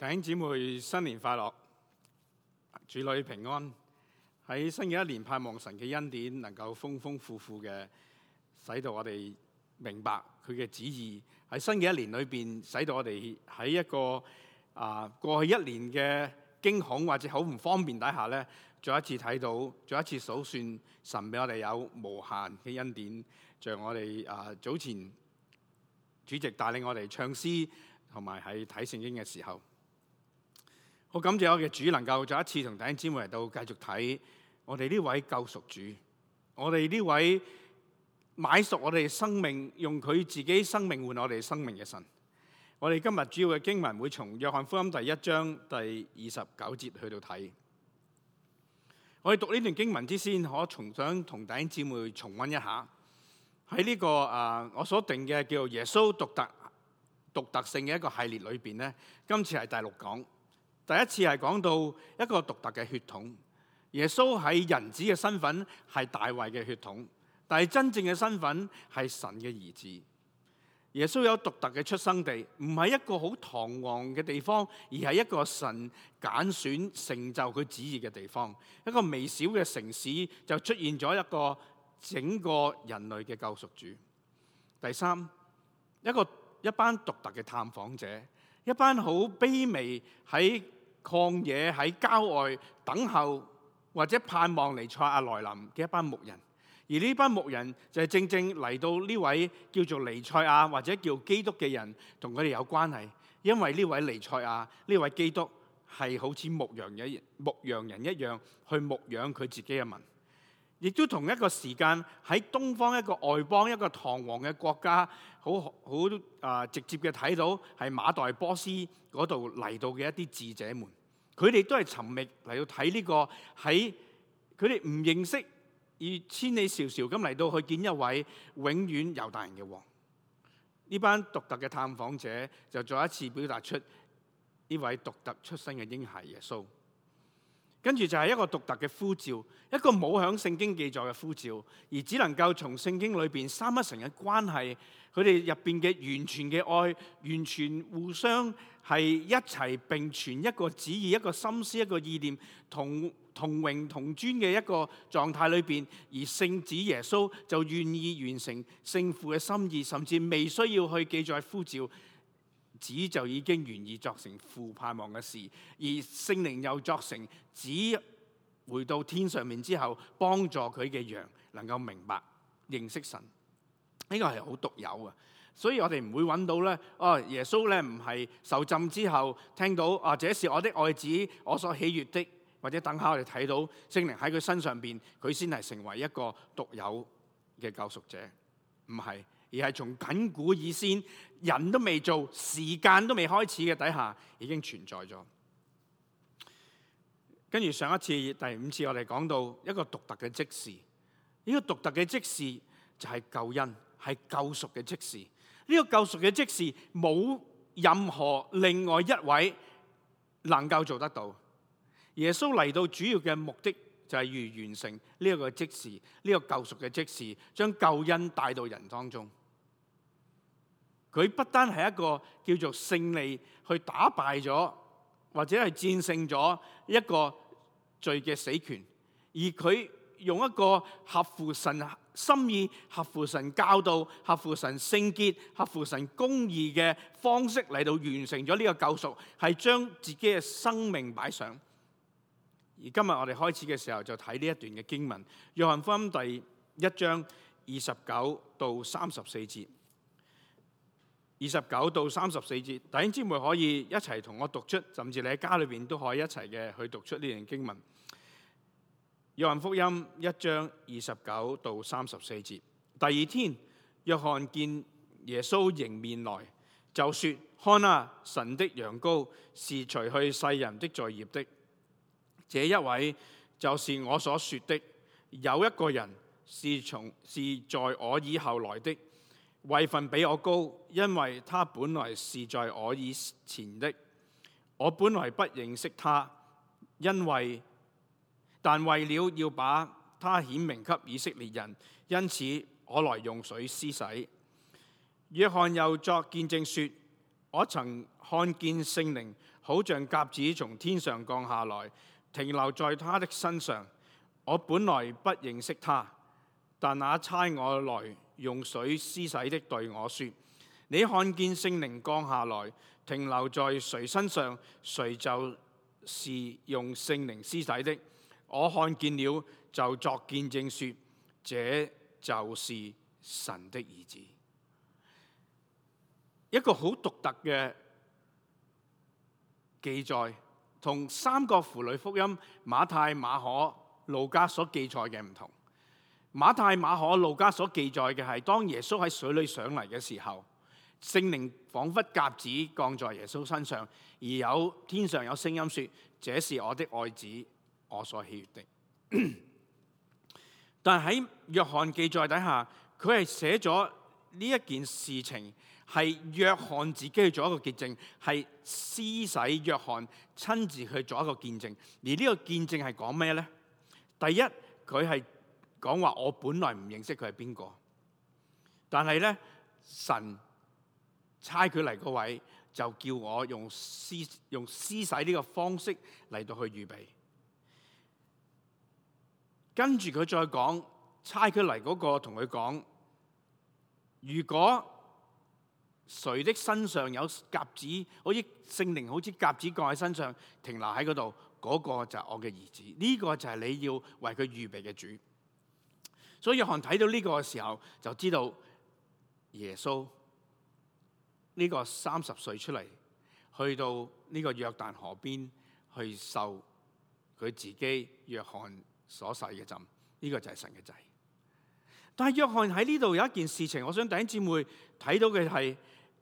弟兄姊妹，新年快樂，主內平安。喺新嘅一年，盼望神嘅恩典能夠豐豐富富嘅，使到我哋明白佢嘅旨意。喺新嘅一年裏邊，使到我哋喺一個啊，過去一年嘅驚恐或者好唔方便底下咧，再一次睇到，再一次數算神俾我哋有無限嘅恩典，像我哋啊早前主席帶領我哋唱詩同埋喺睇聖經嘅時候。好感謝我嘅主能夠再一次同弟兄姊妹嚟到繼續睇我哋呢位救贖主，我哋呢位買贖我哋生命，用佢自己生命換我哋生命嘅神。我哋今日主要嘅經文會從《約翰福音》第一章第二十九節去到睇。我哋讀呢段經文之先，可重想同弟兄姊妹重温一下。喺呢個啊，我所定嘅叫耶穌獨特獨特性嘅一個系列裏邊呢，今次係第六講。第一次係講到一個獨特嘅血統，耶穌喺人子嘅身份係大衛嘅血統，但係真正嘅身份係神嘅兒子。耶穌有獨特嘅出生地，唔係一個好堂皇嘅地方，而係一個神揀選成就佢旨意嘅地方。一個微小嘅城市就出現咗一個整個人類嘅救贖主。第三，一個一班獨特嘅探訪者，一班好卑微喺。曠野喺郊外等候或者盼望尼賽亞來臨嘅一班牧人，而呢班牧人就係正正嚟到呢位叫做尼賽亞或者叫基督嘅人同佢哋有關係，因為呢位尼賽亞呢位基督係好似牧羊嘅牧羊人一樣去牧養佢自己嘅民。亦都同一個時間喺東方一個外邦一個堂皇嘅國家，好好啊直接嘅睇到係馬代波斯嗰度嚟到嘅一啲智者們，佢哋都係尋覓嚟到睇呢、這個喺佢哋唔認識而千里迢迢咁嚟到去見一位永遠猶大人嘅王。呢班獨特嘅探訪者就再一次表達出呢位獨特出生嘅嬰孩耶穌。跟住就係一個獨特嘅呼召，一個冇喺聖經記載嘅呼召，而只能夠從聖經裏邊三一神嘅關係，佢哋入邊嘅完全嘅愛，完全互相係一齊並存一個旨意、一個心思、一個意念同同榮同尊嘅一個狀態裏邊，而聖子耶穌就願意完成聖父嘅心意，甚至未需要去記載呼召。子就已經願意作成父盼望嘅事，而聖靈又作成子回到天上面之後，幫助佢嘅羊能夠明白認識神。呢、呢個係好獨有嘅，所以我哋唔會揾到呢。哦，耶穌呢唔係受浸之後聽到啊、哦，這是我的愛子，我所喜悅的，或者等下我哋睇到聖靈喺佢身上邊，佢先係成為一個獨有嘅救贖者，唔係。而係從亙古以先，人都未做，時間都未開始嘅底下，已經存在咗。跟住上一次第五次，我哋講到一個獨特嘅職事，呢、這個獨特嘅職事就係救恩，係救贖嘅職事。呢、這個救贖嘅職事冇任何另外一位能夠做得到。耶穌嚟到主要嘅目的就係要完成呢一個職事，呢、這個救贖嘅職事，將救恩帶到人當中。佢不單係一個叫做勝利，去打敗咗或者係戰勝咗一個罪嘅死權，而佢用一個合乎神心意、合乎神教導、合乎神聖潔、合乎神公義嘅方式嚟到完成咗呢個救贖，係將自己嘅生命擺上。而今日我哋開始嘅時候就睇呢一段嘅經文，約翰福音第一章二十九到三十四節。二十九到三十四節，弟兄姊妹可以一齊同我讀出，甚至你喺家裏邊都可以一齊嘅去讀出呢段經文。約翰福音一章二十九到三十四節。第二天，約翰見耶穌迎面來，就說：看啊，神的羊羔是除去世人的罪孽的。這一位就是我所說的，有一個人是從是在我以後來的。位份比我高，因為他本來是在我以前的。我本來不認識他，因為但為了要把他顯明給以色列人，因此我來用水施洗。約翰又作見證說：我曾看見聖靈好像鴿子從天上降下來，停留在他的身上。我本來不認識他，但那差我來。用水施洗的對我說：你看見聖靈降下來，停留在誰身上，誰就是用聖靈施洗的。我看見了，就作見證說：這就是神的兒子。一個好獨特嘅記載，同三個符類福音馬太、馬可、路加所記載嘅唔同。馬太、馬可、路加所記載嘅係當耶穌喺水裏上嚟嘅時候，聖靈仿佛鴿子降在耶穌身上，而有天上有聲音說：這是我的愛子，我所喜悦的。 但喺約翰記載底下，佢係寫咗呢一件事情，係約翰自己去做一個見證，係施洗約翰親自去做一個見證，而呢個見證係講咩呢？第一，佢係。講話我本來唔認識佢係邊個，但係咧神差佢嚟嗰位，就叫我用施用施洗呢個方式嚟到去預備。跟住佢再講，差佢嚟嗰個同佢講：如果誰的身上有鴿子，好似聖靈好似鴿子降喺身上停留喺嗰度，嗰、那個就係我嘅兒子。呢、這個就係你要為佢預備嘅主。所以約翰睇到呢個嘅時候，就知道耶穌呢、這個三十歲出嚟，去到呢個約旦河邊去受佢自己約翰所施嘅浸，呢、這個就係神嘅仔。但係約翰喺呢度有一件事情，我想弟兄姊妹睇到嘅係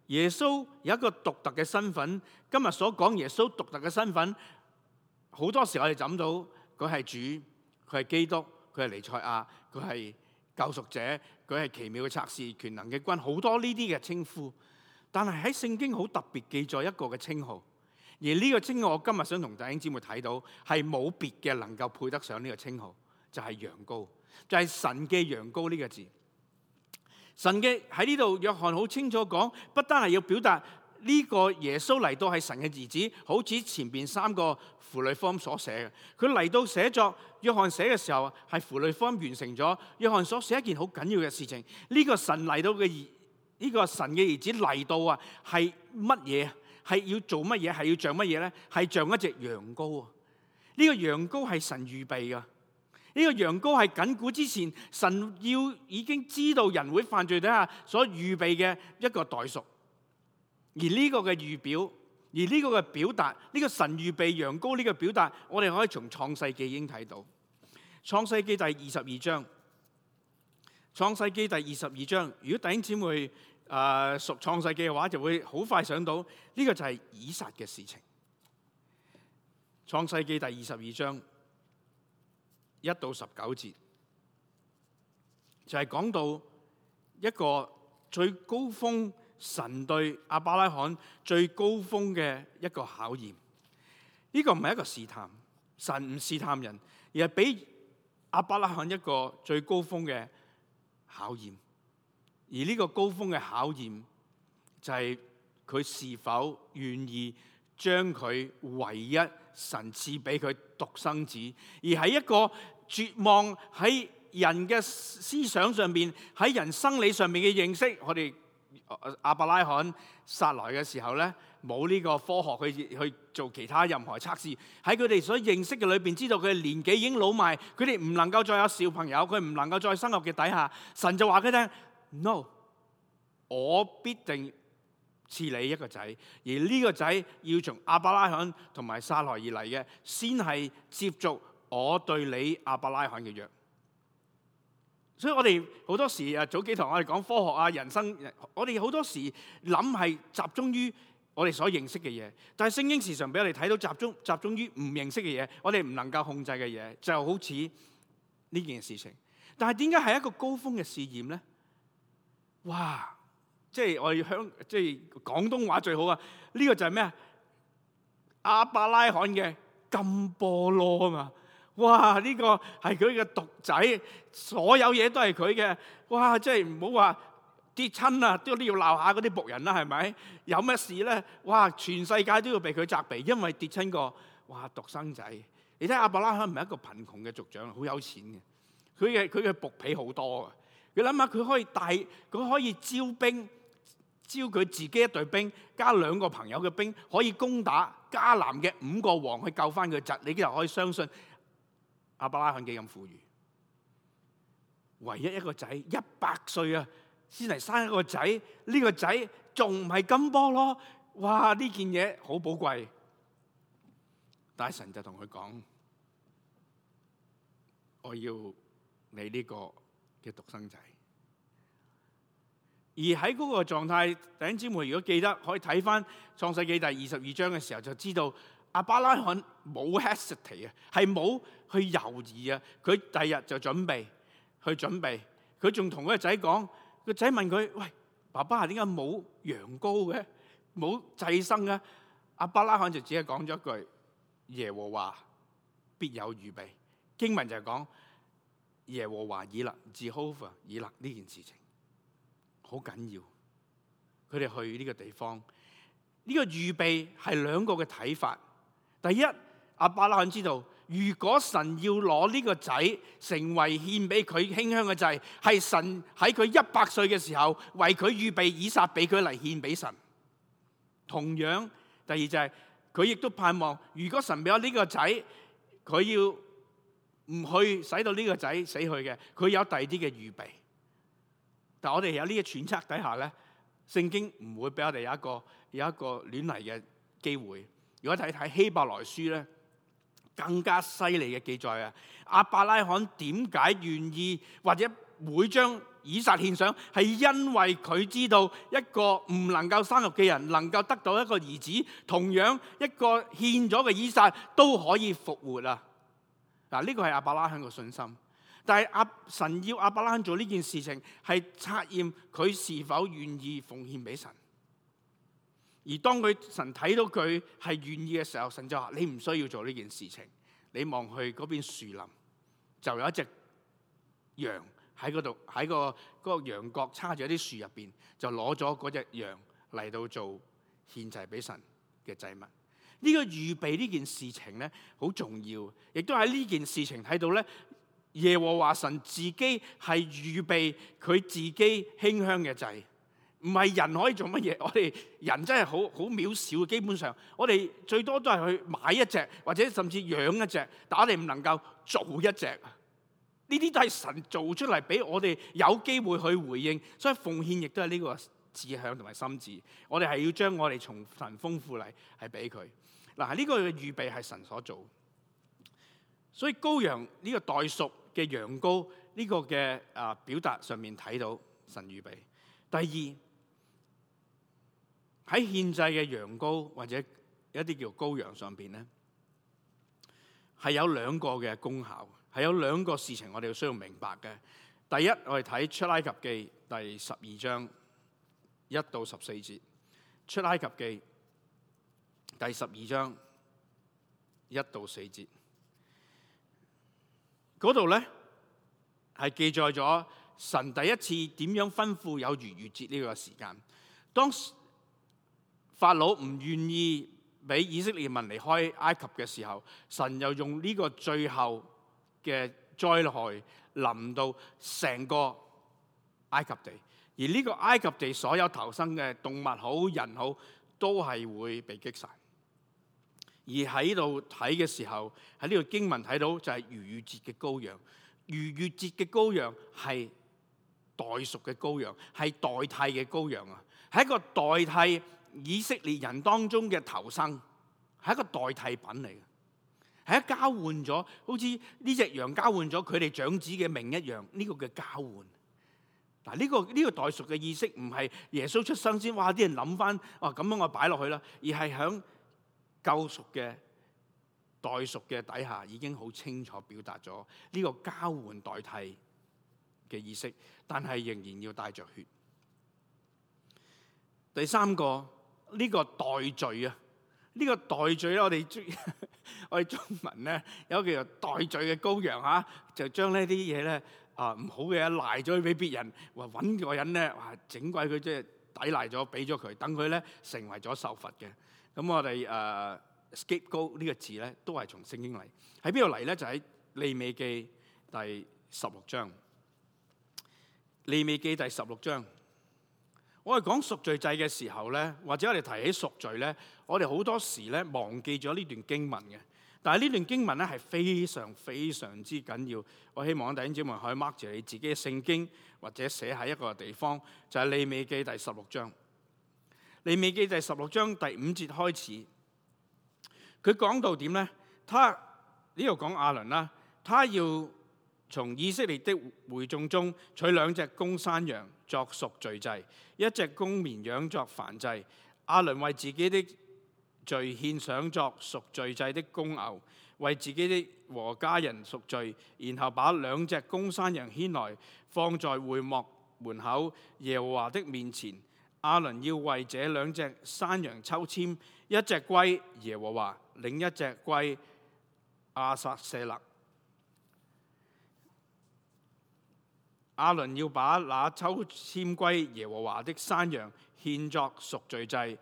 耶穌有一個獨特嘅身份。今日所講耶穌獨特嘅身份，好多時候我哋諗到佢係主，佢係基督。佢係尼賽亞，佢係救贖者，佢係奇妙嘅測試，權能嘅君，好多呢啲嘅稱呼。但係喺聖經好特別記載一個嘅稱號，而呢個稱號我今日想同弟兄姊妹睇到，係冇別嘅能夠配得上呢個稱號，就係羊羔，就係神嘅羊羔呢個字。神嘅喺呢度，約翰好清楚講，不單係要表達。呢個耶穌嚟到係神嘅兒子，好似前邊三個婦女方所寫嘅。佢嚟到寫作，約翰寫嘅時候係婦女方完成咗。約翰所寫一件好緊要嘅事情。呢、這個神嚟到嘅兒，呢、這個神嘅兒子嚟到啊，係乜嘢？係要做乜嘢？係要像乜嘢咧？係像一隻羊羔。啊。呢個羊羔係神預備嘅。呢、這個羊羔係亙古之前神要已經知道人會犯罪底下所預備嘅一個代贖。而呢個嘅預表，而呢個嘅表達，呢、這個神預備羊羔，呢個表達，我哋可以從創世記已經睇到。創世記第二十二章，創世記第二十二章，如果弟兄姊妹誒、呃、熟創世記嘅話，就會好快想到呢、這個就係以撒嘅事情。創世記第二十二章一到十九節，就係、是、講到一個最高峰。神對亞伯拉罕最高峰嘅一個考驗，呢個唔係一個試探，神唔試探人，而係俾亞伯拉罕一個最高峰嘅考驗。而呢個高峰嘅考驗就係佢是否願意將佢唯一神賜俾佢獨生子，而係一個絕望喺人嘅思想上面、喺人生理上面嘅認識，我哋。阿伯拉罕撒來嘅時候呢，冇呢個科學去去做其他任何測試，喺佢哋所認識嘅裏邊知道佢嘅年紀已經老埋，佢哋唔能夠再有小朋友，佢唔能夠再生育嘅底下，神就話佢聽，no，我必定賜你一個仔，而呢個仔要從阿伯拉罕同埋撒來而嚟嘅，先係接觸我對你阿伯拉罕嘅約。所以我哋好多時誒，早幾堂我哋講科學啊、人生，我哋好多時諗係集中於我哋所認識嘅嘢，但係聖經時常俾我哋睇到集中集中於唔認識嘅嘢，我哋唔能夠控制嘅嘢，就好似呢件事情。但係點解係一個高峰嘅試驗咧？哇！即係我哋香即係廣東話最好啊！呢個就係咩啊？阿伯拉罕嘅金波羅啊嘛～哇！呢、這個係佢嘅獨仔，所有嘢都係佢嘅。哇！即係唔好話跌親啊，都都要鬧下嗰啲僕人啦，係咪？有咩事咧？哇！全世界都要被佢責備，因為跌親個哇獨生仔。你睇阿伯拉罕唔係一個貧窮嘅族長，好有錢嘅。佢嘅佢嘅僕婢好多嘅。你諗下，佢可以帶佢可以招兵，招佢自己一隊兵，加兩個朋友嘅兵，可以攻打迦南嘅五個王去救翻佢侄。你又可以相信。阿伯拉罕幾咁富裕，唯一一個仔一百歲啊，先嚟生一個仔，呢個仔仲唔係金波咯？哇！呢件嘢好寶貴，但係神就同佢講：我要你呢個嘅獨生仔。而喺嗰個狀態，弟兄姊妹如果記得，可以睇翻創世記第二十二章嘅時候，就知道。阿巴拉罕冇 hesitate 啊，係冇去猶豫啊，佢第二日就準備去準備，佢仲同嗰個仔講，個仔問佢：喂，爸爸點解冇羊羔嘅，冇祭牲嘅？阿巴拉罕就只係講咗一句：耶和華必有預備。經文就係講：耶和華以勒，Jehovah Jireh，呢件事情好緊要。佢哋去呢個地方，呢、這個預備係兩個嘅睇法。第一，亞伯拉罕知道，如果神要攞呢個仔成為獻俾佢馨香嘅祭，係神喺佢一百歲嘅時候為佢預備以撒俾佢嚟獻俾神。同樣，第二就係佢亦都盼望，如果神俾咗呢個仔，佢要唔去使到呢個仔死去嘅，佢有第二啲嘅預備。但我哋有呢個揣測底下咧，聖經唔會俾我哋有一個有一個亂嚟嘅機會。如果睇睇希伯來書咧，更加犀利嘅記載啊！亞伯拉罕點解願意或者會將以撒獻上？係因為佢知道一個唔能夠生育嘅人能夠得到一個兒子，同樣一個獻咗嘅以撒都可以復活啊！嗱，呢個係亞伯拉罕嘅信心，但係阿神要亞伯拉罕做呢件事情，係測驗佢是否願意奉獻俾神。而當佢神睇到佢係願意嘅時候，神就話：你唔需要做呢件事情。你望去嗰邊樹林，就有一隻羊喺嗰度，喺、嗰個嗰、嗰個、羊角叉住一啲樹入邊，就攞咗嗰隻羊嚟到做獻祭俾神嘅祭物。呢、呢個預備呢件事情咧，好重要，亦都喺呢件事情睇到咧，耶和華神自己係預備佢自己馨香嘅祭。唔係人可以做乜嘢？我哋人真係好好渺小，基本上我哋最多都係去買一隻，或者甚至養一隻，但我哋唔能夠做一隻。呢啲都係神做出嚟俾我哋有機會去回應，所以奉獻亦都係呢個志向同埋心志。我哋係要將我哋從神豐富嚟，係俾佢。嗱，呢個嘅預備係神所做，所以羔羊呢個代贖嘅羊羔呢個嘅啊表達上面睇到神預備。第二。喺獻祭嘅羊羔或者一啲叫羔羊上邊咧，係有兩個嘅功效，係有兩個事情我哋要需要明白嘅。第一，我哋睇出埃及記第十二章一到十四節，出埃及記第十二章一到四節嗰度咧係記載咗神第一次點樣吩咐有逾越節呢個時間，當時。法老唔願意俾以色列民離開埃及嘅時候，神又用呢個最後嘅災害臨到成個埃及地，而呢個埃及地所有頭生嘅動物好、人好，都係會被擊殺。而喺度睇嘅時候，喺呢度經文睇到就係逾越節嘅羔羊，逾越節嘅羔羊係代贖嘅羔羊，係代替嘅羔羊啊，係一個代替。以色列人當中嘅頭生係一個代替品嚟嘅，係一交換咗，好似呢隻羊交換咗佢哋長子嘅命一樣，呢、這個叫交換。嗱、這、呢個呢、這個代贖嘅意識唔係耶穌出生先，哇！啲人諗翻哦咁樣我擺落去啦，而係響救贖嘅代贖嘅底下，已經好清楚表達咗呢個交換代替嘅意識，但係仍然要帶着血。第三個。呢個代罪啊！呢個代罪咧，我哋中我哋中文咧有一個叫做代罪嘅羔羊嚇，就將呢啲嘢咧啊唔好嘅賴咗去俾別人，話搵個人咧話整鬼佢，即係抵賴咗，俾咗佢，等佢咧成為咗受罰嘅。咁我哋誒 scapegoat 呢個字咧，都係從聖經嚟，喺邊度嚟咧？就喺利未記第十六章，利未記第十六章。我哋講贖罪祭嘅時候咧，或者我哋提起贖罪咧，我哋好多時咧忘記咗呢段經文嘅。但係呢段經文咧係非常非常之緊要。我希望弟兄姊妹可以 mark 住你自己嘅聖經，或者寫喺一個地方，就係、是、利未記第十六章。利未記第十六章第五節開始，佢講到點咧？他呢度講亞倫啦，他要從以色列的會眾中取兩隻公山羊作贖罪祭，一隻公綿羊作燔祭。阿倫為自己的罪獻上作贖罪祭的公牛，為自己的和家人贖罪，然後把兩隻公山羊牽來，放在會幕門口耶和華的面前。阿倫要為這兩隻山羊抽籤，一隻歸耶和華，另一隻歸阿撒舍勒。亞倫要把那抽籤歸耶和華的山羊獻作贖罪祭，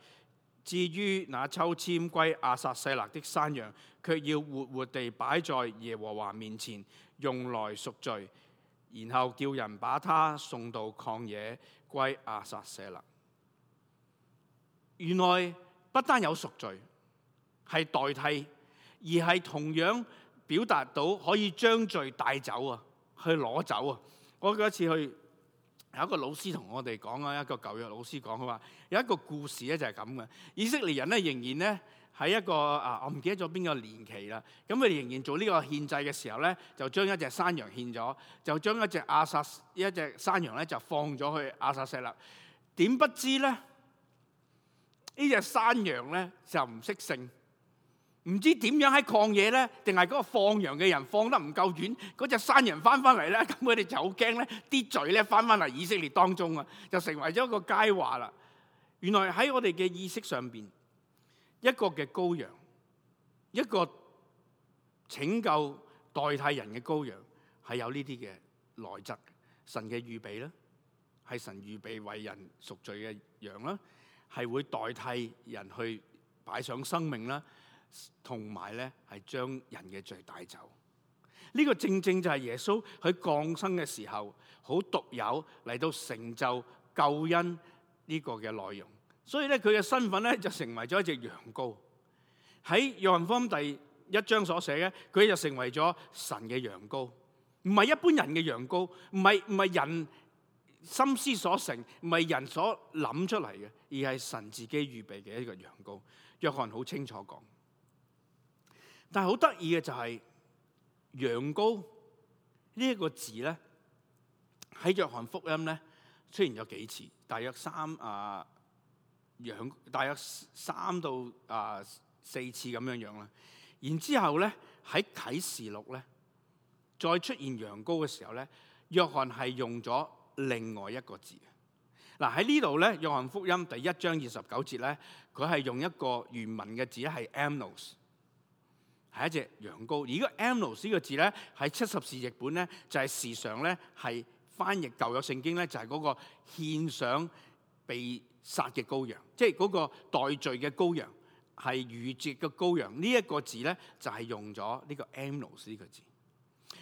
至於那抽籤歸阿撒舍勒的山羊，卻要活活地擺在耶和華面前，用來贖罪，然後叫人把他送到曠野歸阿撒舍勒。原來不單有贖罪，係代替，而係同樣表達到可以將罪帶走啊，去攞走啊。我嗰次去有一個老師同我哋講啊，一個舊約老師講，佢話有一個故事咧就係咁嘅，以色列人咧仍然咧喺一個啊我唔記得咗邊個年期啦，咁佢哋仍然做呢個獻祭嘅時候咧，就將一隻山羊獻咗，就將一隻阿撒一隻山羊咧就放咗去阿撒瀉勒啦，點不知咧呢隻山羊咧就唔識性。唔知點樣喺曠野咧，定係嗰個放羊嘅人放得唔夠遠，嗰隻山人翻翻嚟咧，咁佢哋就好驚咧，啲罪咧翻翻嚟以色列當中啊，就成為咗一個佳話啦。原來喺我哋嘅意識上邊，一個嘅羔羊，一個拯救代替人嘅羔羊，係有呢啲嘅內質，神嘅預備啦，係神預備為人贖罪嘅羊啦，係會代替人去擺上生命啦。同埋咧，係將人嘅罪帶走呢個正正就係耶穌喺降生嘅時候好獨有嚟到成就救恩呢個嘅內容，所以咧佢嘅身份咧就成為咗一隻羊羔喺約翰福音第一章所寫嘅，佢就成為咗神嘅羊羔，唔係一般人嘅羊羔，唔係唔係人心思所成，唔係人所諗出嚟嘅，而係神自己預備嘅一個羊羔。約翰好清楚講。但係好得意嘅就係羊羔呢一個字咧，喺約翰福音咧出現咗幾次，大約三啊羊，大約三到啊四次咁樣樣啦。然之後咧喺啟示錄咧，再出現羊羔嘅時候咧，約翰係用咗另外一個字。嗱喺呢度咧，約翰福音第一章二十九節咧，佢係用一個原文嘅字係 amnos。是 am nos, 係一隻羊羔，而個 Amnos 呢個字咧，喺七十士譯本咧，就係、是、時常咧，係翻譯舊約聖經咧，就係、是、嗰個獻上被殺嘅羔羊，即係嗰個代罪嘅羔羊，係逾越嘅羔羊。呢、這、一個字咧，就係、是、用咗呢個 Amnos 呢個字。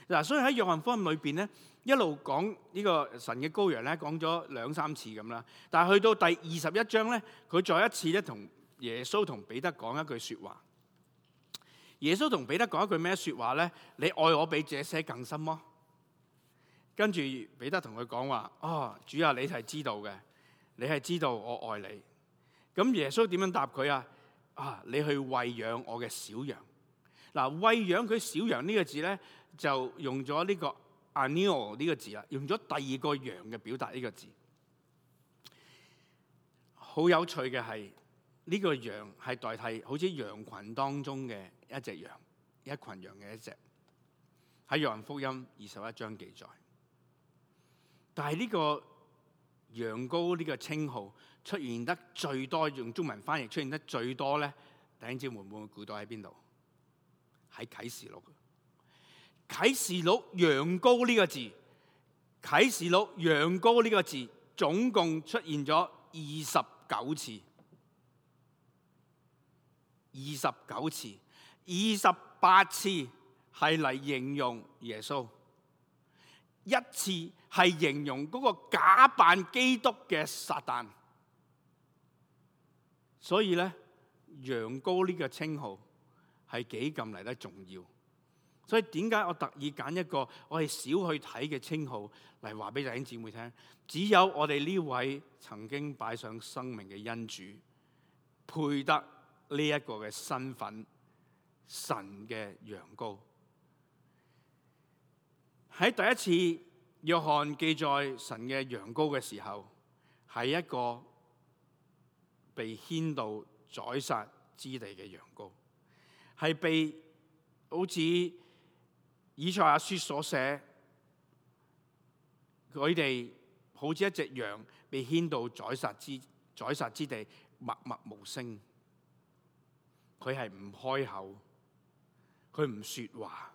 嗱、啊，所以喺約翰福音裏邊咧，一路講呢個神嘅羔羊咧，講咗兩三次咁啦。但係去到第二十一章咧，佢再一次咧，同耶穌同彼得講一句説話。耶穌同彼得講一句咩説話咧？你愛我比這些更深麼、啊？跟住彼得同佢講話：哦，主啊，你係知道嘅，你係知道我愛你。咁耶穌點樣答佢啊？啊，你去餵養我嘅小羊。嗱、啊，餵養佢小羊呢個字咧，就用咗呢個 anio 呢個字啦，用咗第二個羊嘅表達呢個字。好有趣嘅係。呢個羊係代替好似羊群當中嘅一隻羊，一群羊嘅一隻，喺約翰福音二十一章記載。但係呢個羊羔呢個稱號出現得最多，用中文翻譯出現得最多咧，大家知會唔會估到喺邊度？喺啟示錄，啟示錄羊羔呢個字，啟示錄羊羔呢個字總共出現咗二十九次。二十九次，二十八次係嚟形容耶穌，一次係形容嗰個假扮基督嘅撒旦。所以咧，羊羔呢個稱號係幾咁嚟得重要。所以點解我特意揀一個我係少去睇嘅稱號嚟話俾弟兄姊妹聽？只有我哋呢位曾經擺上生命嘅恩主，配得。呢一個嘅身份，神嘅羊羔。喺第一次約翰記載神嘅羊羔嘅時候，係一個被牽到宰殺之地嘅羊羔，係被好似以賽亞書所寫，佢哋好似一隻羊被牽到宰殺之宰殺之地，默默無聲。佢係唔開口，佢唔說話。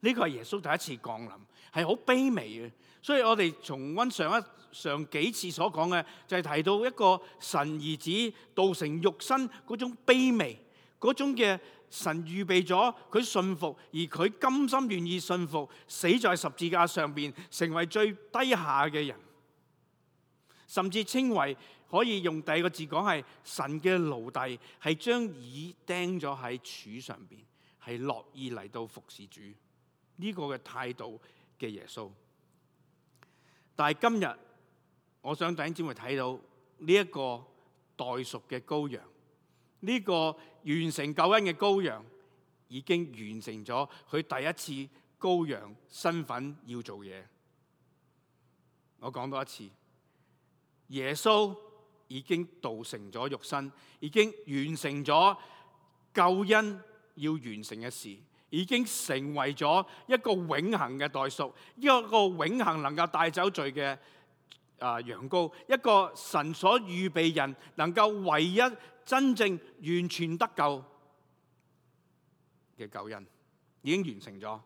呢、這個係耶穌第一次降臨，係好卑微嘅。所以我哋重溫上一上幾次所講嘅，就係、是、提到一個神兒子道成肉身嗰種卑微，嗰種嘅神預備咗佢順服，而佢甘心願意順服，死在十字架上邊，成為最低下嘅人，甚至稱為。可以用第二個字講係神嘅奴隸，係將耳釘咗喺柱上邊，係樂意嚟到服侍主呢、這個嘅態度嘅耶穌。但係今日，我想等陣會睇到呢一、這個代贖嘅羔羊，呢、這個完成救恩嘅羔羊已經完成咗佢第一次羔羊身份要做嘢。我講多一次，耶穌。已經道成咗肉身，已經完成咗救恩要完成嘅事，已經成為咗一個永恆嘅代贖，一個永恆能夠帶走罪嘅啊，羊羔，一個神所預備人能夠唯一真正完全得救嘅救恩，已經完成咗。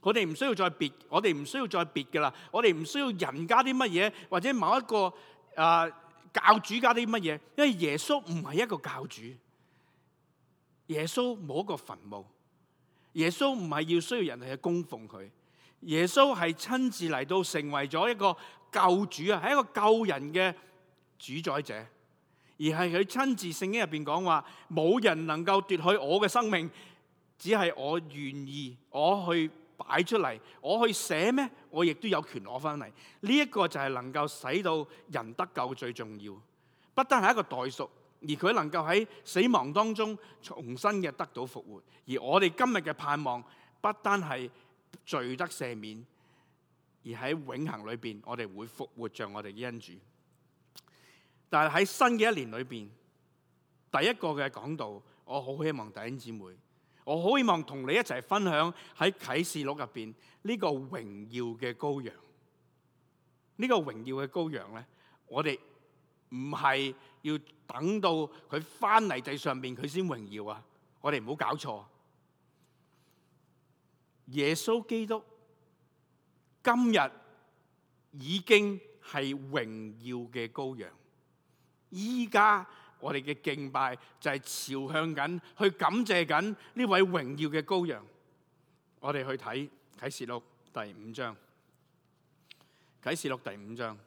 我哋唔需要再別，我哋唔需要再別㗎喇，我哋唔需要人家啲乜嘢，或者某一個啊。教主加啲乜嘢？因為耶穌唔係一個教主，耶穌冇一個墳墓，耶穌唔係要需要人哋去供奉佢，耶穌係親自嚟到成為咗一個救主啊，係一個救人嘅主宰者，而係佢親自聖經入邊講話，冇人能夠奪去我嘅生命，只係我願意我去。擺出嚟，我去寫咩？我亦都有權攞翻嚟。呢、這、一個就係能夠使到人得救最重要，不單係一個代贖，而佢能夠喺死亡當中重新嘅得到復活。而我哋今日嘅盼望，不單係罪得赦免，而喺永恆裏邊，我哋會復活着我哋嘅恩主。但係喺新嘅一年裏邊，第一個嘅講道，我好希望弟兄姊妹。我好希望同你一齊分享喺啟示錄入邊呢個榮耀嘅羔羊。呢個榮耀嘅羔羊咧，我哋唔係要等到佢翻嚟地上面佢先榮耀啊！我哋唔好搞錯。耶穌基督今日已經係榮耀嘅羔羊，依家。我哋嘅敬拜就係朝向緊，去感謝緊呢位榮耀嘅羔羊。我哋去睇啟示錄第五章，啟示錄第五章，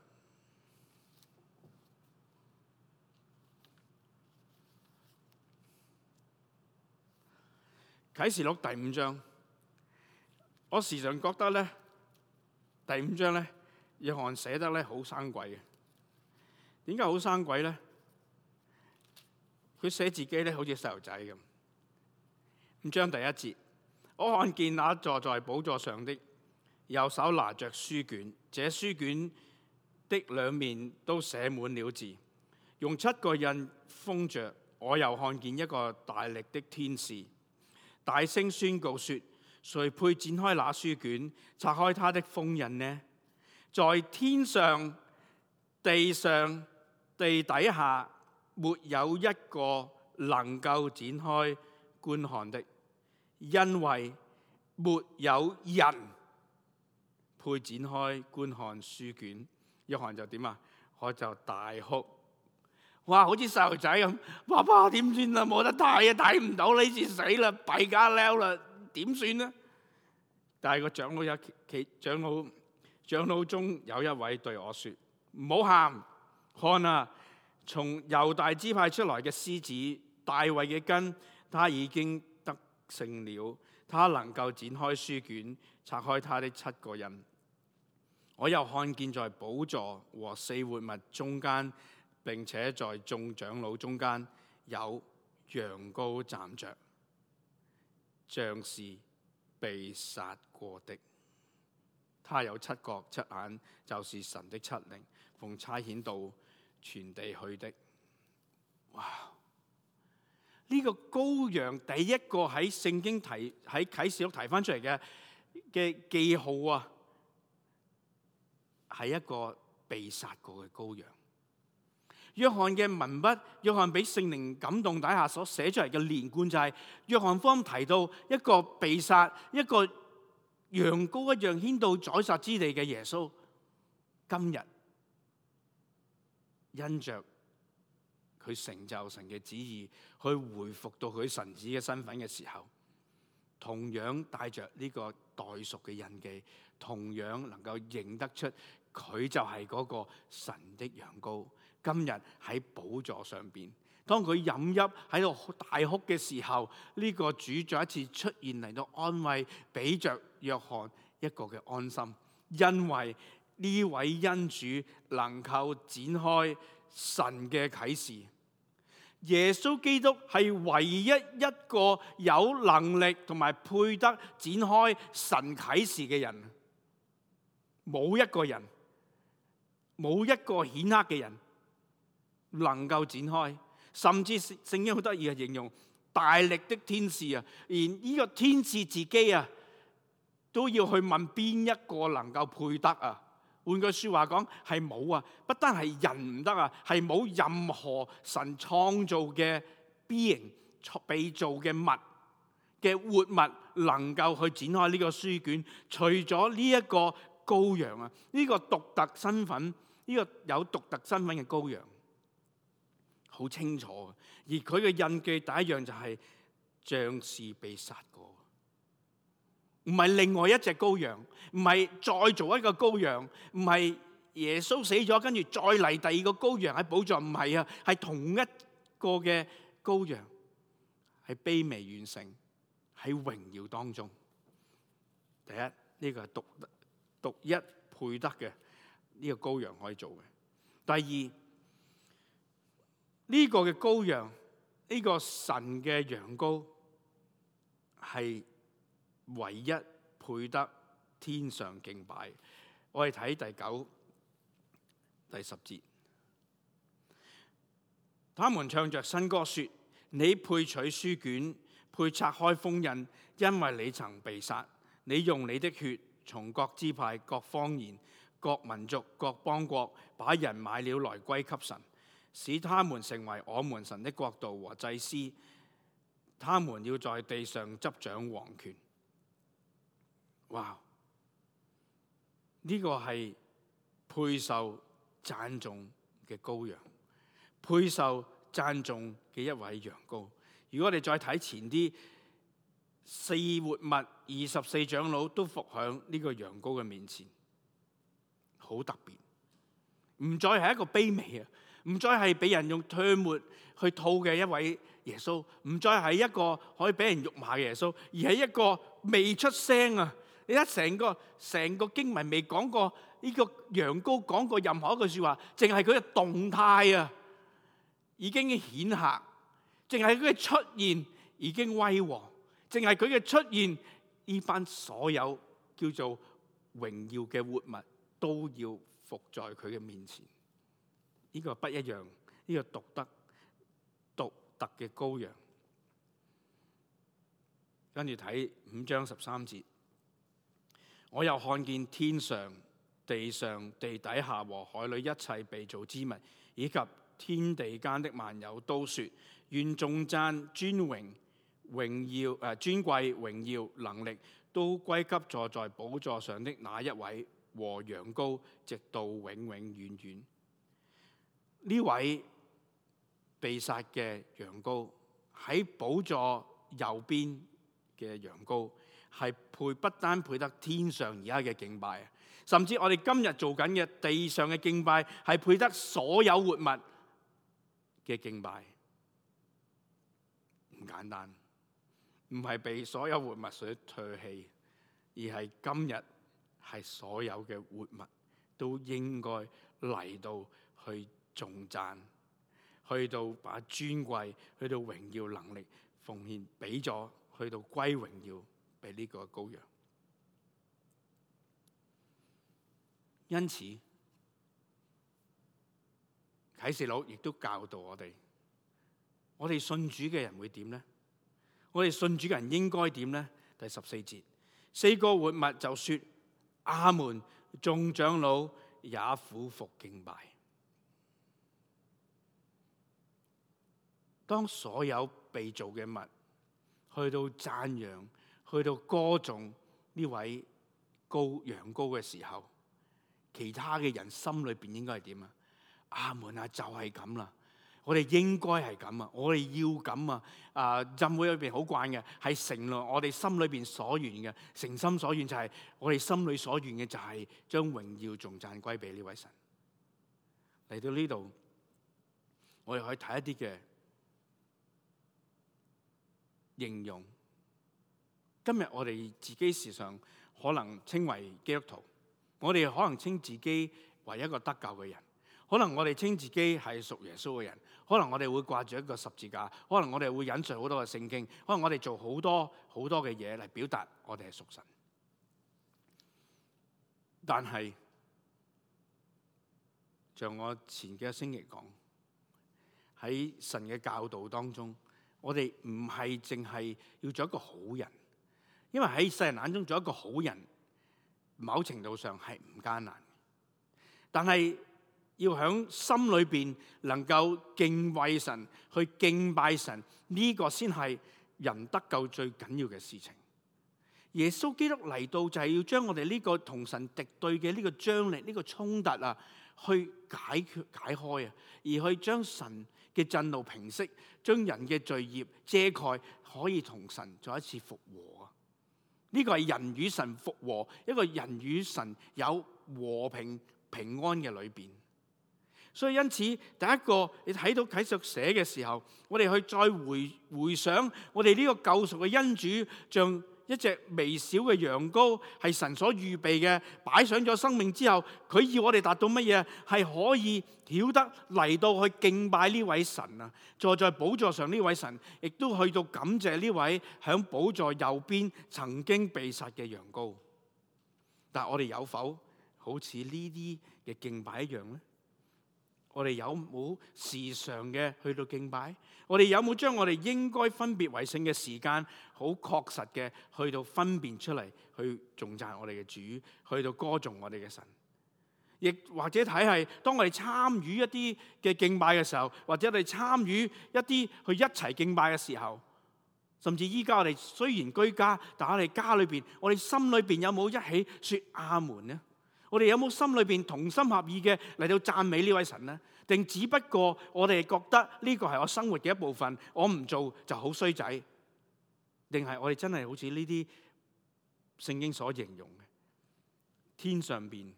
啟示錄第五章，我時常覺得咧，第五章咧，約翰寫得咧好生鬼嘅。點解好生鬼咧？佢寫自己咧，好似細路仔咁。五章第一節，我看見那坐在寶座上的，右手拿着書卷，這書卷的兩面都寫滿了字，用七個印封着。我又看見一個大力的天使，大聲宣告說：誰配展開那書卷，拆開它的封印呢？在天上、地上、地底下，沒有一個能夠展開觀看的，因為沒有人配展開觀看書卷。一看就點啊？我就大哭，哇，好似細路仔咁，爸爸點算啊？冇得睇啊，睇唔到呢次死啦，弊家嬲啦，點算呢？但係個長老有其長老長老中有一位對我說：唔好喊，看啊！從猶大支派出來嘅獅子，大衛嘅根，他已經得勝了。他能夠展開書卷，拆開他的七個印。我又看見在寶座和四活物中間，並且在眾長老中間，有羊羔站着，像是被殺過的。他有七角七眼，就是神的七靈，奉差遣到傳地去的。哇！呢、這個羔羊第一個喺聖經提，喺啟示錄提翻出嚟嘅嘅記號啊，係一個被殺過嘅羔羊。約翰嘅文筆，約翰俾聖靈感動底下所寫出嚟嘅連貫就係、是，約翰方提到一個被殺、一個羊羔一樣牽到宰殺之地嘅耶穌，今日。因着佢成就神嘅旨意，去回復到佢神子嘅身份嘅時候，同樣帶着呢個代贖嘅印記，同樣能夠認得出佢就係嗰個神的羊羔。今日喺寶座上邊，當佢飲泣喺度大哭嘅時候，呢個主再一次出現嚟到安慰，俾着約翰一個嘅安心，因為。呢位恩主能夠展開神嘅啟示，耶穌基督係唯一一個有能力同埋配得展開神啟示嘅人，冇一個人，冇一個顯赫嘅人能夠展開，甚至聖經好得意啊，形容大力的天使啊，連呢個天使自己啊都要去問邊一個能夠配得啊！換句説話講，係冇啊！不單係人唔得啊，係冇任何神創造嘅 being、被造嘅物嘅活物能夠去展開呢個書卷，除咗呢一個羔羊啊，呢、這個獨特身份，呢、這個有獨特身份嘅羔羊，好清楚。而佢嘅印記第一樣就係、是、像是被殺。唔係另外一隻羔羊，唔係再做一個羔羊，唔係耶穌死咗跟住再嚟第二個羔羊喺寶藏，唔係啊，係同一個嘅羔羊，係卑微完成，喺榮耀當中。第一，呢個係獨獨一配得嘅呢個羔羊可以做嘅。第二，呢個嘅羔羊，呢個神嘅羊羔係。唯一配得天上敬拜，我哋睇第九、第十節。他們唱着新歌說：你配取書卷，配拆開封印，因為你曾被殺。你用你的血，從各支派、各方言、各民族、各邦國，把人買了來歸給神，使他們成為我們神的國度和祭司。他們要在地上執掌王權。哇！呢、wow, 個係配受讚頌嘅羔羊，配受讚頌嘅一位羊羔。如果你再睇前啲四活物、二十四長老都伏響呢個羊羔嘅面前，好特別，唔再係一個卑微啊，唔再係俾人用唾沫去吐嘅一位耶穌，唔再係一個可以俾人辱罵嘅耶穌，而係一個未出聲啊！你睇成個成個經文未講過呢個羊羔講過任何一句說話，淨係佢嘅動態啊，已經顯赫；淨係佢嘅出現已經威煌，淨係佢嘅出現，呢班所有叫做榮耀嘅活物都要伏在佢嘅面前。呢個不一樣，呢個獨特、獨特嘅羔羊。跟住睇五章十三節。我又看見天上、地上、地底下和海裏一切被造之物，以及天地間的萬有都說，願頌讚、尊榮、榮耀誒、尊貴、榮耀、能力，都歸給坐在寶座上的那一位和羊羔，直到永永遠遠。呢位被殺嘅羊羔，喺寶座右邊嘅羊羔。係配不單配得天上而家嘅敬拜，甚至我哋今日做緊嘅地上嘅敬拜，係配得所有活物嘅敬拜，唔簡單，唔係被所有活物所唾棄，而係今日係所有嘅活物都應該嚟到去頌讚，去到把尊貴、去到榮耀能力奉獻俾咗，去到歸榮耀。被呢個羔羊，因此啟示錄亦都教導我哋，我哋信主嘅人會點呢？我哋信主嘅人應該點呢？第十四節，四個活物就說：阿門！眾長老也俯伏敬拜。當所有被造嘅物去到讚揚。去到歌頌呢位羔羊羔嘅時候，其他嘅人心裏邊應該係點啊？阿門啊！就係咁啦，我哋應該係咁啊，我哋要咁啊！啊，浸會裏邊好慣嘅係承諾，我哋心裏邊所願嘅，誠心所願就係我哋心裏所願嘅就係將榮耀仲讚歸俾呢位神。嚟到呢度，我哋可以睇一啲嘅應用。今日我哋自己時常可能稱為基督徒，我哋可能稱自己為一個得救嘅人，可能我哋稱自己係屬耶穌嘅人，可能我哋會掛住一個十字架，可能我哋會引述好多嘅聖經，可能我哋做好多好多嘅嘢嚟表達我哋係屬神。但係，像我前幾個星期講，喺神嘅教導當中，我哋唔係淨係要做一個好人。因為喺世人眼中做一個好人，某程度上係唔艱難。但係要響心裏邊能夠敬畏神、去敬拜神，呢、這個先係人得救最緊要嘅事情。耶穌基督嚟到就係要將我哋呢個同神敵對嘅呢個張力、呢、這個衝突啊，去解決解開啊，而去將神嘅震怒平息，將人嘅罪孽遮蓋，可以同神再一次復和啊！呢個係人與神復和，一個人與神有和平平安嘅裏面。所以因此，第一個你睇到啟示寫嘅時候，我哋去再回回想我哋呢個救贖嘅恩主一隻微小嘅羊羔係神所預備嘅，擺上咗生命之後，佢要我哋達到乜嘢？係可以曉得嚟到去敬拜呢位神啊，坐在寶座上呢位神，亦都去到感謝呢位響寶座右邊曾經被殺嘅羊羔。但我哋有否好似呢啲嘅敬拜一樣呢？我哋有冇時常嘅去到敬拜？我哋有冇將我哋應該分別為聖嘅時間，好確實嘅去到分辨出嚟，去頌讚我哋嘅主，去到歌頌我哋嘅神？亦或者睇係當我哋參與一啲嘅敬拜嘅時候，或者我哋參與一啲去一齊敬拜嘅時候，甚至依家我哋雖然居家，但我哋家裏邊，我哋心裏邊有冇一起説阿門呢？我哋有冇心裏邊同心合意嘅嚟到讚美呢位神呢？定只不過我哋覺得呢個係我生活嘅一部分，我唔做就很我們真的好衰仔。定係我哋真係好似呢啲聖經所形容嘅，天上邊、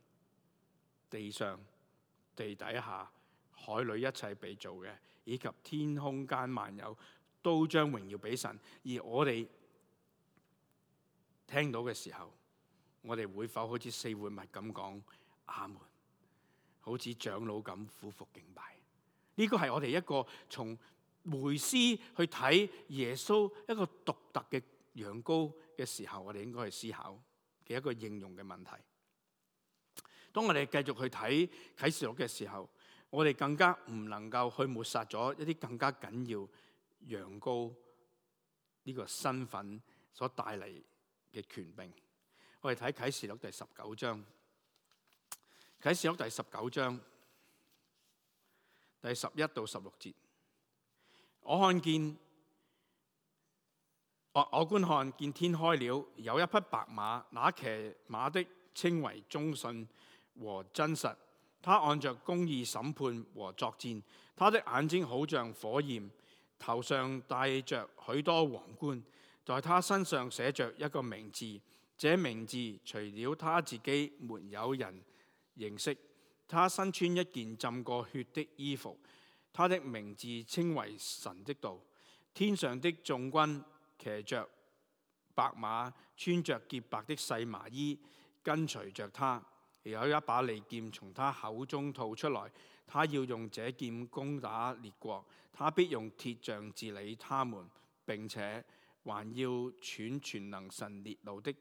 地上、地底下、海裏一切被造嘅，以及天空間萬有，都將榮耀俾神。而我哋聽到嘅時候。我哋會否好似四活物咁講阿門？好似長老咁俯伏敬拜？呢個係我哋一個從梅斯去睇耶穌一個獨特嘅羊羔嘅時候，我哋應該去思考嘅一個應用嘅問題。當我哋繼續去睇啟示錄嘅時候，我哋更加唔能夠去抹殺咗一啲更加緊要羊羔呢個身份所帶嚟嘅權柄。我哋睇啟示錄第十九章，啟示錄第十九章第十一到十六節，我看見我觀看見天開了，有一匹白馬，那騎馬的稱為忠信和真實，他按着公義審判和作戰，他的眼睛好像火焰，頭上戴着許多皇冠，在他身上寫着一個名字。這名字除了他自己沒有人認識。他身穿一件浸過血的衣服，他的名字稱為神的道。天上的眾軍騎着白馬，穿着潔白的細麻衣，跟隨著他。有一把利劍從他口中吐出來，他要用這劍攻打列國。他必用鐵杖治理他們，並且還要傳全能神烈怒的。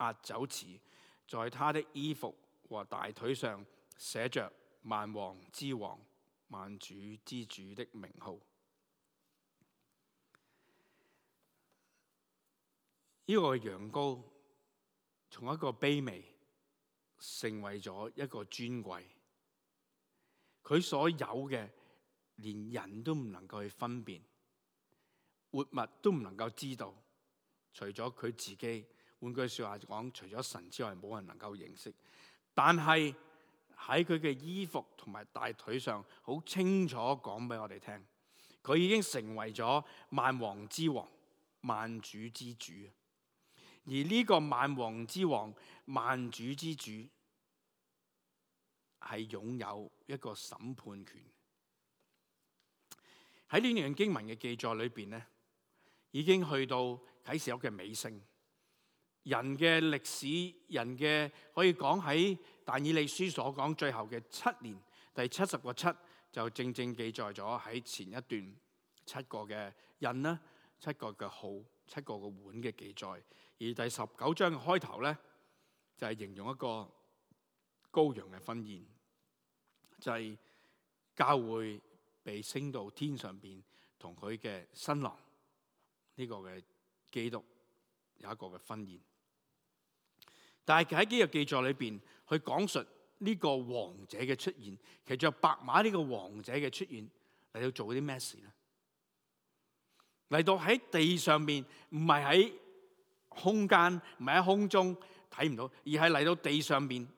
壓酒池，在他的衣服和大腿上寫着萬王之王、萬主之主的名號。呢、這個羊羔從一個卑微，成為咗一個尊貴。佢所有嘅連人都唔能夠去分辨，活物都唔能夠知道，除咗佢自己。換句説話講，除咗神之外，冇人能夠認識。但係喺佢嘅衣服同埋大腿上，好清楚講俾我哋聽，佢已經成為咗萬王之王、萬主之主。而呢個萬王之王、萬主之主係擁有一個審判權。喺呢段經文嘅記載裏邊呢已經去到啟示錄嘅尾聲。人嘅歷史，人嘅可以講喺《但以理書》所講最後嘅七年，第七十個七就正正記載咗喺前一段七個嘅印啦，七個嘅號，七個嘅碗嘅記載。而第十九章嘅開頭呢，就係、是、形容一個羔羊嘅婚宴，就係、是、教會被升到天上邊，同佢嘅新郎呢、這個嘅基督有一個嘅婚宴。但係喺呢個記載裏邊，去講述呢個王者嘅出現，其實白馬呢個王者嘅出現嚟到做啲咩事咧？嚟到喺地上面，唔係喺空間，唔係喺空中睇唔到，而係嚟到地上面。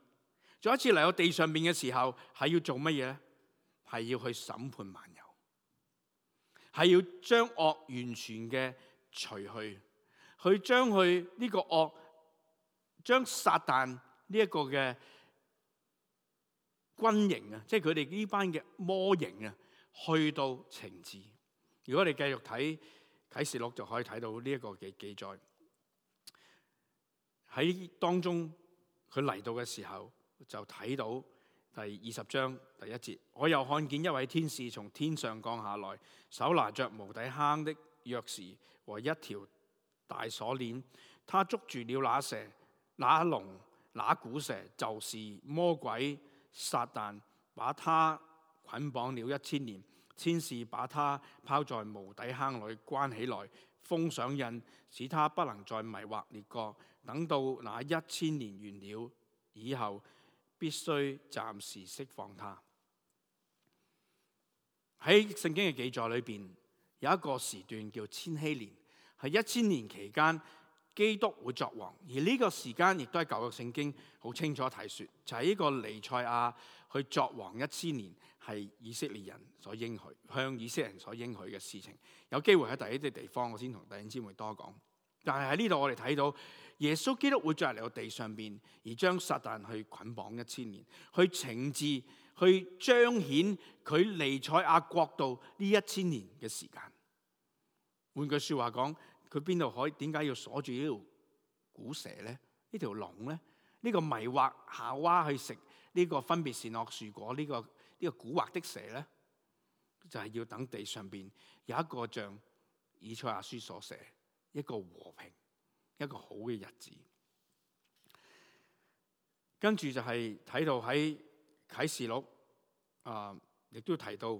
再一次嚟到地上面嘅時候，係要做乜嘢咧？係要去審判萬有，係要將惡完全嘅除去，去將佢呢個惡。將撒旦呢一個嘅軍營啊，即係佢哋呢班嘅魔營啊，去到情字。如果你繼續睇啟示錄，就可以睇到呢一個嘅記載。喺當中佢嚟到嘅時候，就睇到第二十章第一節。我又看見一位天使從天上降下來，手拿着無底坑的鑰匙和一條大鎖鏈，他捉住了那蛇。那龍、那古蛇就是魔鬼撒旦，把他捆綁了一千年，天使把他拋在無底坑裏關起來，封上印，使他不能再迷惑列國。等到那一千年完了以後，必須暫時釋放他。喺聖經嘅記載裏邊，有一個時段叫千禧年，係一千年期間。基督會作王，而呢個時間亦都係舊約聖經好清楚提說，就喺、是、呢個尼賽亞去作王一千年，係以色列人所應許，向以色列人所應許嘅事情。有機會喺第一啲地方，我先同弟兄姊妹多講。但係喺呢度我哋睇到耶穌基督會再嚟到地上邊，而將撒旦去捆綁一千年，去懲治，去彰顯佢尼賽亞國度呢一千年嘅時間。換句說話講。佢邊度可以？點解要鎖住呢條古蛇咧？這條龍呢條龍咧？呢、這個迷惑夏娃去食呢、這個分別善惡樹果呢、這個呢、這個古惑的蛇咧？就係、是、要等地上邊有一個像以賽亞書所寫一個和平一個好嘅日子。跟住就係睇到喺啟示錄啊，亦、呃、都提到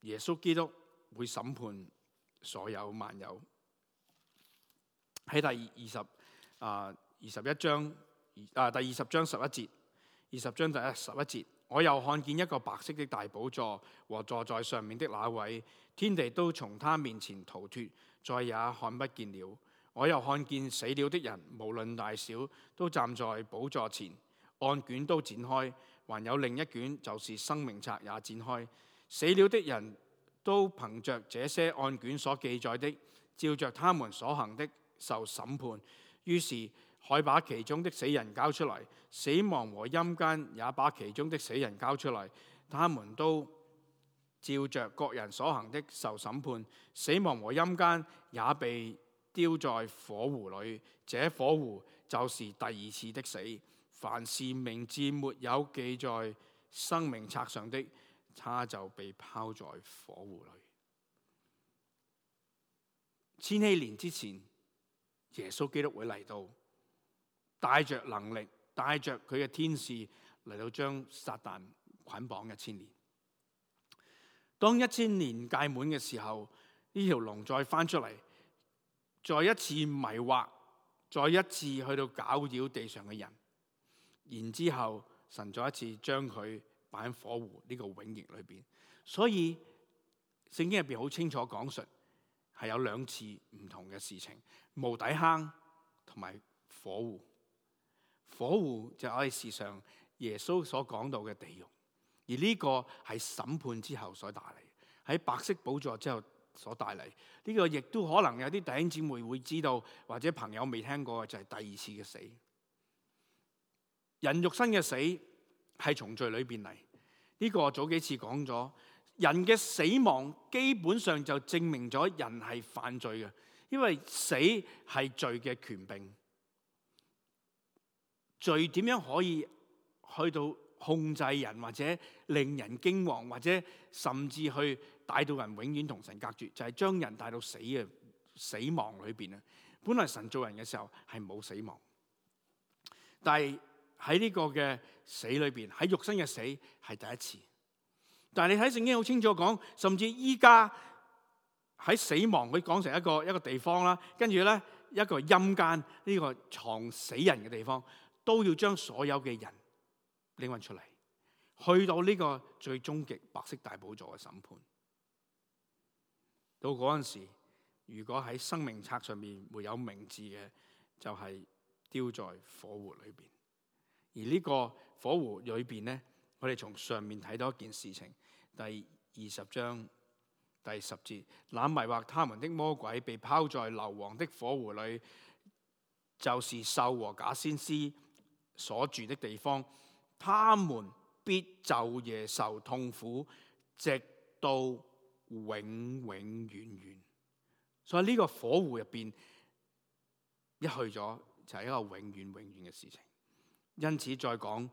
耶穌基督會審判。所有萬有喺第二十啊二十一章啊第二十章十一節二十章第一十一節，我又看見一個白色的大寶座和坐在上面的那位，天地都從他面前逃脱，再也看不見了。我又看見死了的人，無論大小，都站在寶座前，案卷都展開，還有另一卷就是生命冊也展開，死了的人。都憑着這些案卷所記載的，照着他們所行的受審判。於是，海把其中的死人交出來，死亡和陰間也把其中的死人交出來。他們都照着各人所行的受審判。死亡和陰間也被丟在火湖裏。這火湖就是第二次的死。凡是名字沒有記在生命冊上的，他就被拋在火湖裡。千禧年之前，耶穌基督會嚟到，帶着能力，帶着佢嘅天使嚟到將撒旦捆綁一千年。當一千年屆滿嘅時候，呢條龍再翻出嚟，再一次迷惑，再一次去到攪擾地上嘅人。然之後，神再一次將佢。喺火湖呢個永劫裏邊，所以聖經入邊好清楚講述係有兩次唔同嘅事情，無底坑同埋火湖。火湖就係我哋事上耶穌所講到嘅地獄，而呢個係審判之後所帶嚟，喺白色寶座之後所帶嚟。呢個亦都可能有啲弟兄姊妹會知道，或者朋友未聽過嘅就係第二次嘅死。人肉身嘅死係從罪裏邊嚟。呢個我早幾次講咗，人嘅死亡基本上就證明咗人係犯罪嘅，因為死係罪嘅權柄。罪點樣可以去到控制人或者令人驚惶，或者甚至去帶到人永遠同神隔絕？就係將人帶到死嘅死亡裏邊啊！本來神做人嘅時候係冇死亡，但係，喺呢個嘅死裏邊，喺肉身嘅死係第一次。但係你睇聖經好清楚講，甚至依家喺死亡佢講成一個一個地方啦，跟住咧一個陰間呢個藏死人嘅地方，都要將所有嘅人拎返出嚟，去到呢個最終極白色大寶座嘅審判。到嗰陣時，如果喺生命冊上面沒有名字嘅，就係丟在火湖裏邊。而呢個火湖裏邊呢，我哋從上面睇到一件事情，第二十章第十節，那迷惑他們的魔鬼被拋在硫磺的火湖裏，就是獸和假先知所住的地方，他們必晝夜受痛苦，直到永永遠遠。所以呢個火湖入邊一去咗，就係一個永遠永遠嘅事情。因此再，再講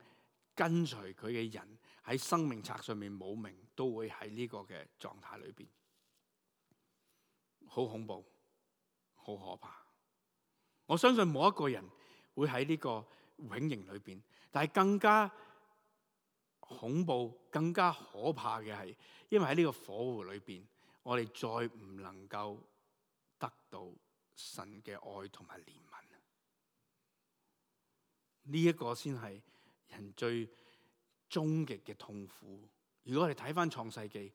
跟隨佢嘅人喺生命冊上面冇名，都會喺呢個嘅狀態裏邊，好恐怖，好可怕。我相信冇一個人會喺呢個永刑裏邊，但係更加恐怖、更加可怕嘅係，因為喺呢個火湖裏邊，我哋再唔能夠得到神嘅愛同埋憐。呢一個先係人最終極嘅痛苦。如果我哋睇翻創世記，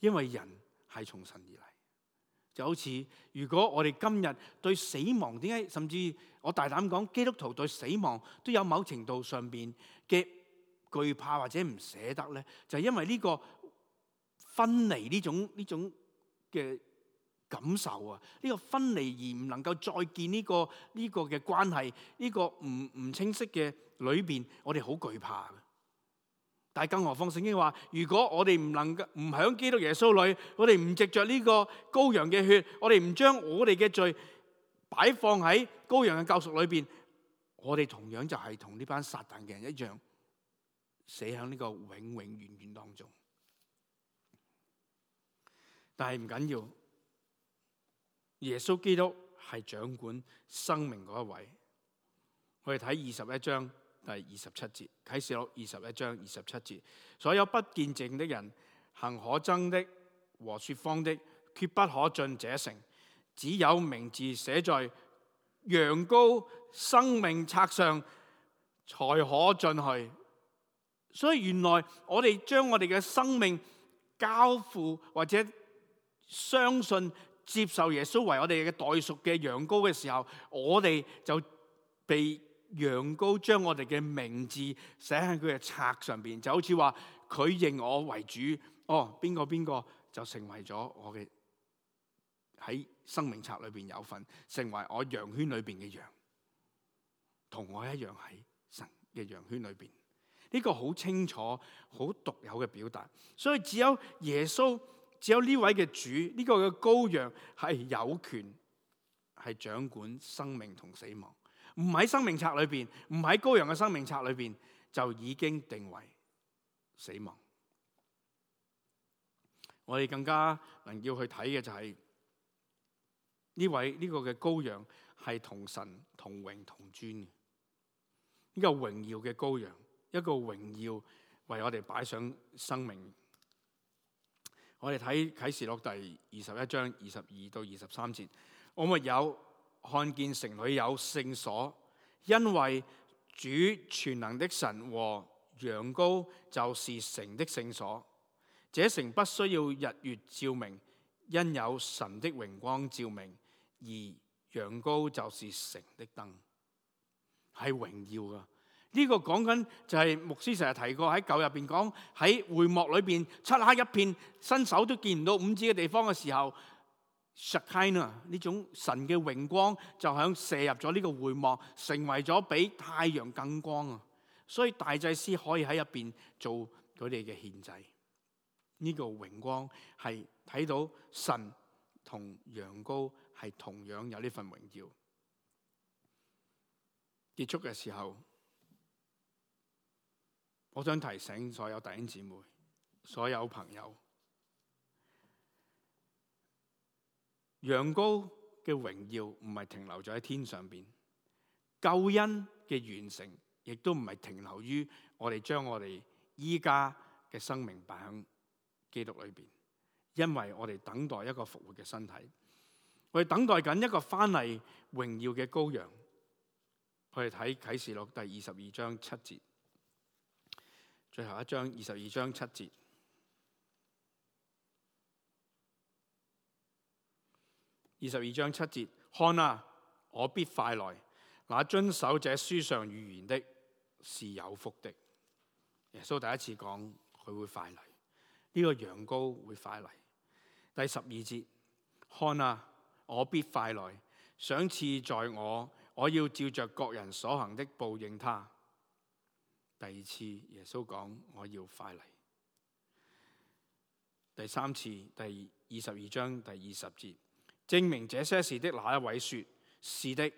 因為人係從神而嚟，就好似如果我哋今日對死亡點解，甚至我大膽講基督徒對死亡都有某程度上面嘅懼怕或者唔捨得咧，就係因為呢個分離呢種呢種嘅。感受啊！呢個分離而唔能夠再見呢個呢個嘅關係，呢個唔唔清晰嘅裏邊，我哋好懼怕。但係更何況聖經話，如果我哋唔能夠唔喺基督耶穌裏，我哋唔藉着呢個羔羊嘅血，我哋唔將我哋嘅罪擺放喺羔羊嘅救贖裏邊，我哋同樣就係同呢班撒旦嘅人一樣，死喺呢個永永遠遠當中。但係唔緊要。耶穌基督係掌管生命嗰一位，我哋睇二十一章第二十七節，啟示錄二十一章二十七節，所有不見證的人，行可憎的和說謊的，絕不可進這城，只有名字寫在羊羔生命冊上，才可進去。所以原來我哋將我哋嘅生命交付或者相信。接受耶穌為我哋嘅代贖嘅羊羔嘅時候，我哋就被羊羔將我哋嘅名字寫喺佢嘅冊上邊，就好似話佢認我為主。哦，邊個邊個就成為咗我嘅，喺生命冊裏邊有份，成為我羊圈裏邊嘅羊，同我一樣喺神嘅羊圈裏邊。呢個好清楚，好獨有嘅表達。所以只有耶穌。只有呢位嘅主，呢個嘅羔羊係有權係掌管生命同死亡，唔喺生命冊裏邊，唔喺羔羊嘅生命冊裏邊就已經定為死亡。我哋更加能要去睇嘅就係呢位呢個嘅羔羊係同神同榮同尊嘅。呢個榮耀嘅羔羊，一個榮耀為我哋擺上生命。我哋睇啟示錄第二十一章二十二到二十三節，我冇有看見城裏有聖所，因為主全能的神和羊羔就是城的聖所。這城不需要日月照明，因有神的榮光照明，而羊羔就是城的燈，係榮耀噶。呢個講緊就係牧師成日提過喺舊入邊講喺會幕裏邊漆黑一片，伸手都見唔到五指嘅地方嘅時候，Shekinah 呢種神嘅榮光就響射入咗呢個會幕，成為咗比太陽更光啊！所以大祭司可以喺入邊做佢哋嘅獻祭。呢個榮光係睇到神同羊羔係同樣有呢份榮耀。結束嘅時候。我想提醒所有弟兄姊妹、所有朋友，羊羔嘅榮耀唔係停留在喺天上邊，救恩嘅完成亦都唔係停留於我哋將我哋依家嘅生命擺響基督裏邊，因為我哋等待一個復活嘅身體，我哋等待緊一個翻嚟榮耀嘅羔羊。我哋睇啟示錄第二十二章七節。最後一章二十二章七節，二十二章七節，看啊，我必快來。那遵守這書上預言的，是有福的。耶穌第一次講佢會快來，呢、這個羊羔會快來。第十二節，看啊，我必快來。賞賜在我，我要照着各人所行的報應他。第二次，耶穌講我要快嚟。第三次，第二十二章第二十節，證明這些事的那一位說：是的，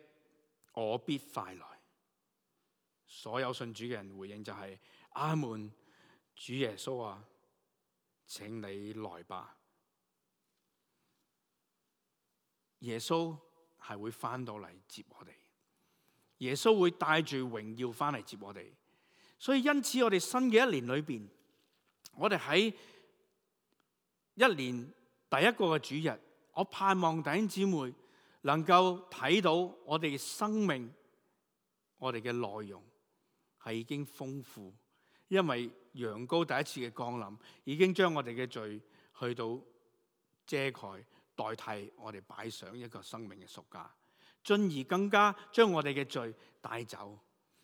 我必快來。所有信主嘅人回應就係阿門。主耶穌啊，請你來吧。耶穌係會翻到嚟接我哋。耶穌會帶住榮耀翻嚟接我哋。所以因此，我哋新嘅一年裏邊，我哋喺一年第一個嘅主日，我盼望弟兄姊妹能夠睇到我哋嘅生命，我哋嘅內容係已經豐富，因為羊羔第一次嘅降臨已經將我哋嘅罪去到遮蓋代替，我哋擺上一個生命嘅贖價，進而更加將我哋嘅罪帶走。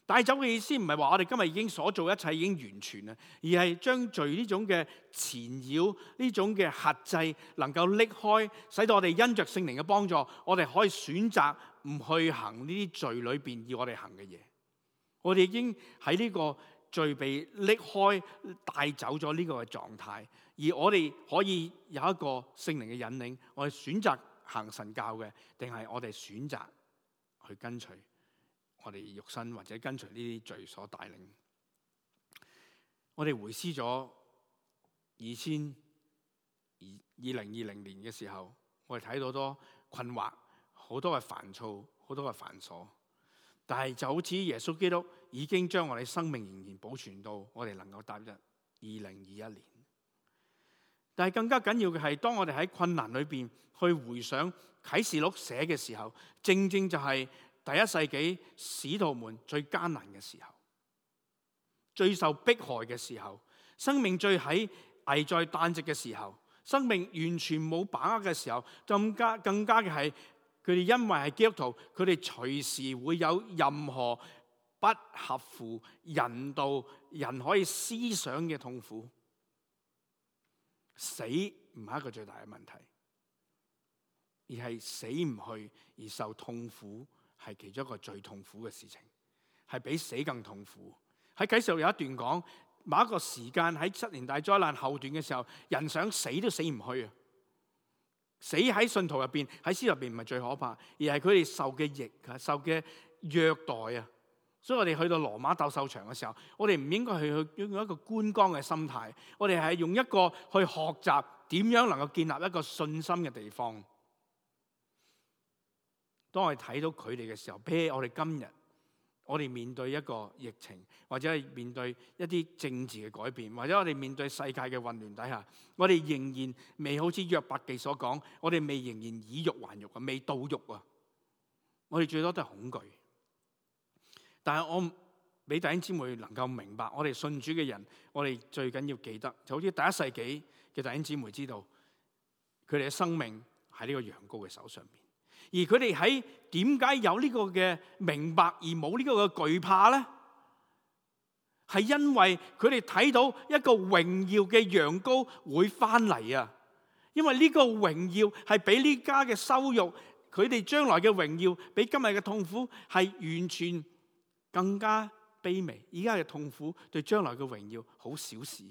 帶走嘅意思唔係話我哋今日已經所做一切已經完全啦，而係將罪呢種嘅纏繞、呢種嘅轄制能夠瀝開，使到我哋因着聖靈嘅幫助，我哋可以選擇唔去行呢啲罪裏邊要我哋行嘅嘢。我哋已經喺呢個罪被瀝開帶走咗呢個嘅狀態，而我哋可以有一個聖靈嘅引領，我哋選擇行神教嘅，定係我哋選擇去跟隨我哋肉身或者跟隨呢啲罪所帶領，我哋回思咗二千二二零二零年嘅時候，我哋睇到很多困惑，好多嘅煩躁，好多嘅煩瑣。但係就好似耶穌基督已經將我哋生命仍然保存到我哋能夠踏入二零二一年。但係更加緊要嘅係，當我哋喺困難裏邊去回想啟示錄寫嘅時候，正正就係、是。第一世紀使徒們最艱難嘅時候，最受迫害嘅時候，生命最喺危在旦夕嘅時候，生命完全冇把握嘅時候，更加更加嘅係，佢哋因為係基督徒，佢哋隨時會有任何不合乎人道、人可以思想嘅痛苦。死唔係一個最大嘅問題，而係死唔去而受痛苦。係其中一個最痛苦嘅事情，係比死更痛苦。喺《啟示錄》有一段講，某一個時間喺七年大災難後段嘅時候，人想死都死唔去啊！死喺信徒入邊，喺詩入邊唔係最可怕，而係佢哋受嘅刑受嘅虐待啊。所以我哋去到羅馬鬥獸場嘅時候，我哋唔應該去去用一個觀光嘅心態，我哋係用一個去學習點樣能夠建立一個信心嘅地方。當我哋睇到佢哋嘅時候，譬如我哋今日，我哋面對一個疫情，或者係面對一啲政治嘅改變，或者我哋面對世界嘅混亂底下，我哋仍然未好似約伯記所講，我哋未仍然以肉還肉啊，未到肉啊，我哋最多都係恐懼。但係我俾弟兄姊妹能夠明白，我哋信主嘅人，我哋最緊要記得，就好似第一世紀嘅弟兄姊妹知道，佢哋嘅生命喺呢個羊羔嘅手上面。而佢哋喺點解有呢個嘅明白，而冇呢個嘅懼怕呢？係因為佢哋睇到一個榮耀嘅羊羔會翻嚟啊！因為呢個榮耀係畀呢家嘅羞辱，佢哋將來嘅榮耀比今日嘅痛苦係完全更加卑微。而家嘅痛苦對將來嘅榮耀好小事，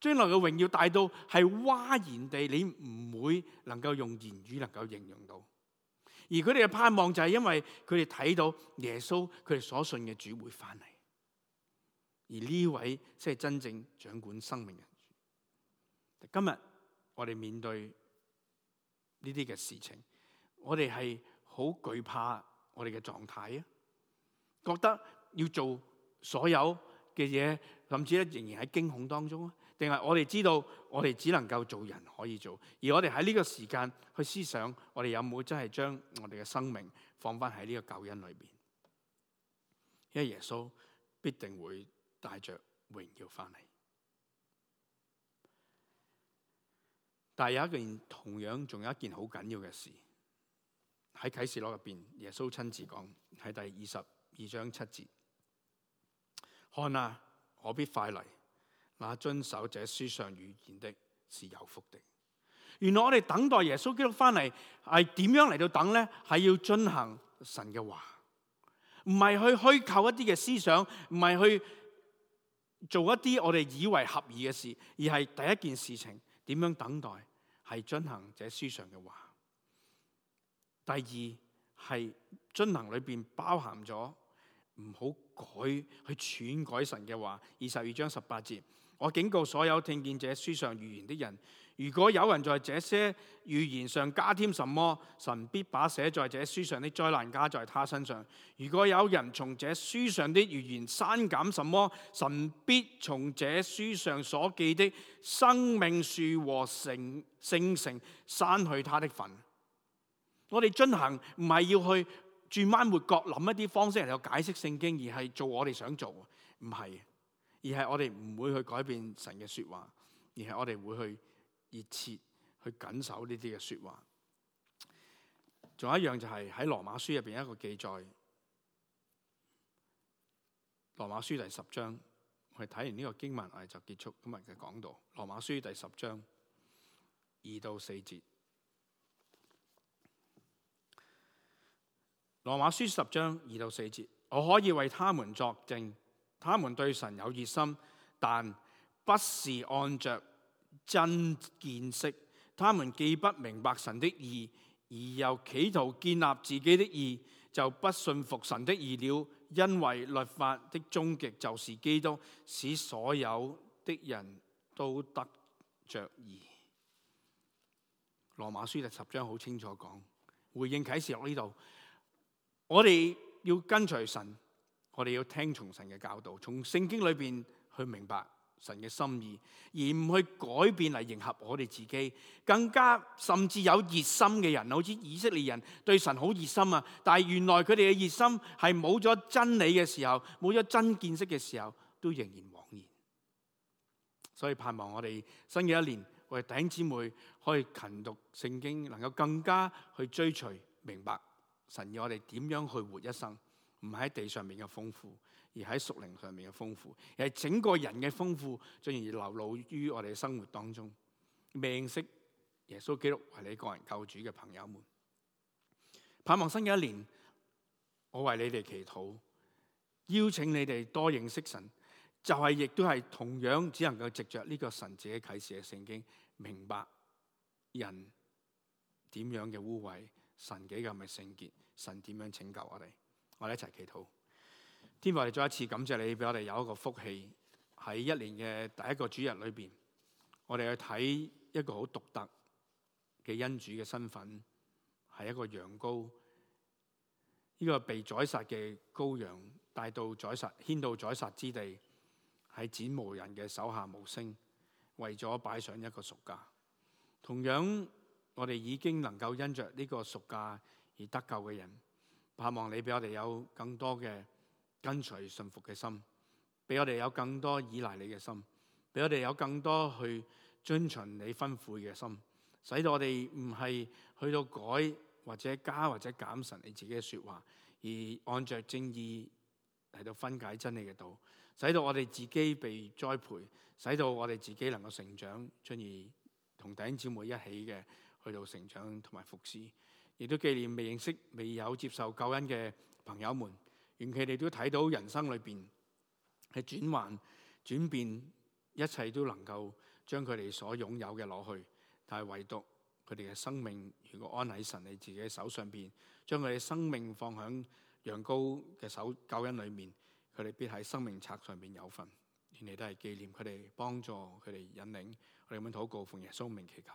將來嘅榮耀大到係嘩然地，你唔會能夠用言語能夠形容到。而佢哋嘅盼望就係因為佢哋睇到耶穌佢哋所信嘅主會翻嚟，而呢位先係真正掌管生命嘅人。今日我哋面對呢啲嘅事情，我哋係好懼怕我哋嘅狀態啊，覺得要做所有嘅嘢，甚至咧仍然喺驚恐當中啊。定係我哋知道，我哋只能夠做人可以做，而我哋喺呢個時間去思想，我哋有冇真係將我哋嘅生命放翻喺呢個救恩裏邊？因為耶穌必定會帶著榮耀翻嚟。但係有一件同樣，仲有一件好緊要嘅事喺啟示錄入邊，耶穌親自講喺第二十二章七節：看啊，我必快嚟。嗱，遵守這書上預言的是有福的。原來我哋等待耶穌基督翻嚟，係點樣嚟到等呢？係要進行神嘅話，唔係去虛構一啲嘅思想，唔係去做一啲我哋以為合意嘅事，而係第一件事情點樣等待？係進行這書上嘅話。第二係進行裏邊包含咗唔好改去篡改神嘅話，二十二章十八節。我警告所有聽見這書上預言的人：如果有人在這些預言上加添什麼，神必把寫在這書上的災難加在他身上；如果有人從這書上的預言刪減什麼，神必從這書上所記的生命樹和城聖城刪去他的份。我哋進行唔係要去轉彎抹角諗一啲方式嚟到解釋聖經，而係做我哋想做，唔係。而係我哋唔會去改變神嘅說話，而係我哋會去熱切去謹守呢啲嘅說話。仲有一樣就係喺羅馬書入邊一個記載，羅馬書第十章，我哋睇完呢個經文，我哋就結束今日嘅講道。羅馬書第十章二到四節，羅馬書十章二到四節，我可以為他們作證。他們對神有熱心，但不是按着真見識。他們既不明白神的義，而又企圖建立自己的義，就不信服神的義了。因為律法的終極就是基督，使所有的人都得着義。羅馬書第十章好清楚講，回應啟示錄呢度，我哋要跟隨神。我哋要聽從神嘅教導，從聖經裏邊去明白神嘅心意，而唔去改變嚟迎合我哋自己。更加甚至有熱心嘅人，好似以色列人對神好熱心啊，但係原來佢哋嘅熱心係冇咗真理嘅時候，冇咗真見識嘅時候，都仍然枉然。所以盼望我哋新嘅一年，我哋弟兄姊妹可以勤讀聖經，能夠更加去追隨明白神要我哋點樣去活一生。唔係喺地上面嘅豐富，而喺屬靈上面嘅豐富，而係整個人嘅豐富，進而流露於我哋嘅生活當中。未認識耶穌基督為你個人救主嘅朋友們，盼望新嘅一年，我為你哋祈禱，邀請你哋多認識神，就係、是、亦都係同樣只能夠藉着呢個神自己啟示嘅聖經，明白人點樣嘅污穢，神幾咁嘅聖潔，神點樣拯救我哋。我哋一齊祈禱，天父，我哋再一次感謝你，俾我哋有一個福氣，喺一年嘅第一個主日裏邊，我哋去睇一個好獨特嘅恩主嘅身份，係一個羊羔，呢個被宰殺嘅羔羊，帶到宰殺、牽到宰殺之地，喺剪毛人嘅手下無聲，為咗擺上一個贖價。同樣，我哋已經能夠因着呢個贖價而得救嘅人。盼望你俾我哋有更多嘅跟隨信服嘅心，俾我哋有更多依賴你嘅心，俾我哋有更多去遵循你吩咐嘅心，使到我哋唔係去到改或者加或者減神你自己嘅說話，而按着正義嚟到分解真理嘅道，使到我哋自己被栽培，使到我哋自己能夠成長，進而同弟兄姊妹一起嘅去到成長同埋服侍。亦都紀念未認識、未有接受救恩嘅朋友們，願佢哋都睇到人生裏邊係轉換、轉變，一切都能夠將佢哋所擁有嘅攞去。但係唯獨佢哋嘅生命，如果安喺神你自己嘅手上邊，將佢哋生命放喺羊羔嘅手救恩裏面，佢哋必喺生命冊上面有份。願你都係紀念佢哋，幫助佢哋引領，我哋咁樣禱告，奉耶穌名祈求。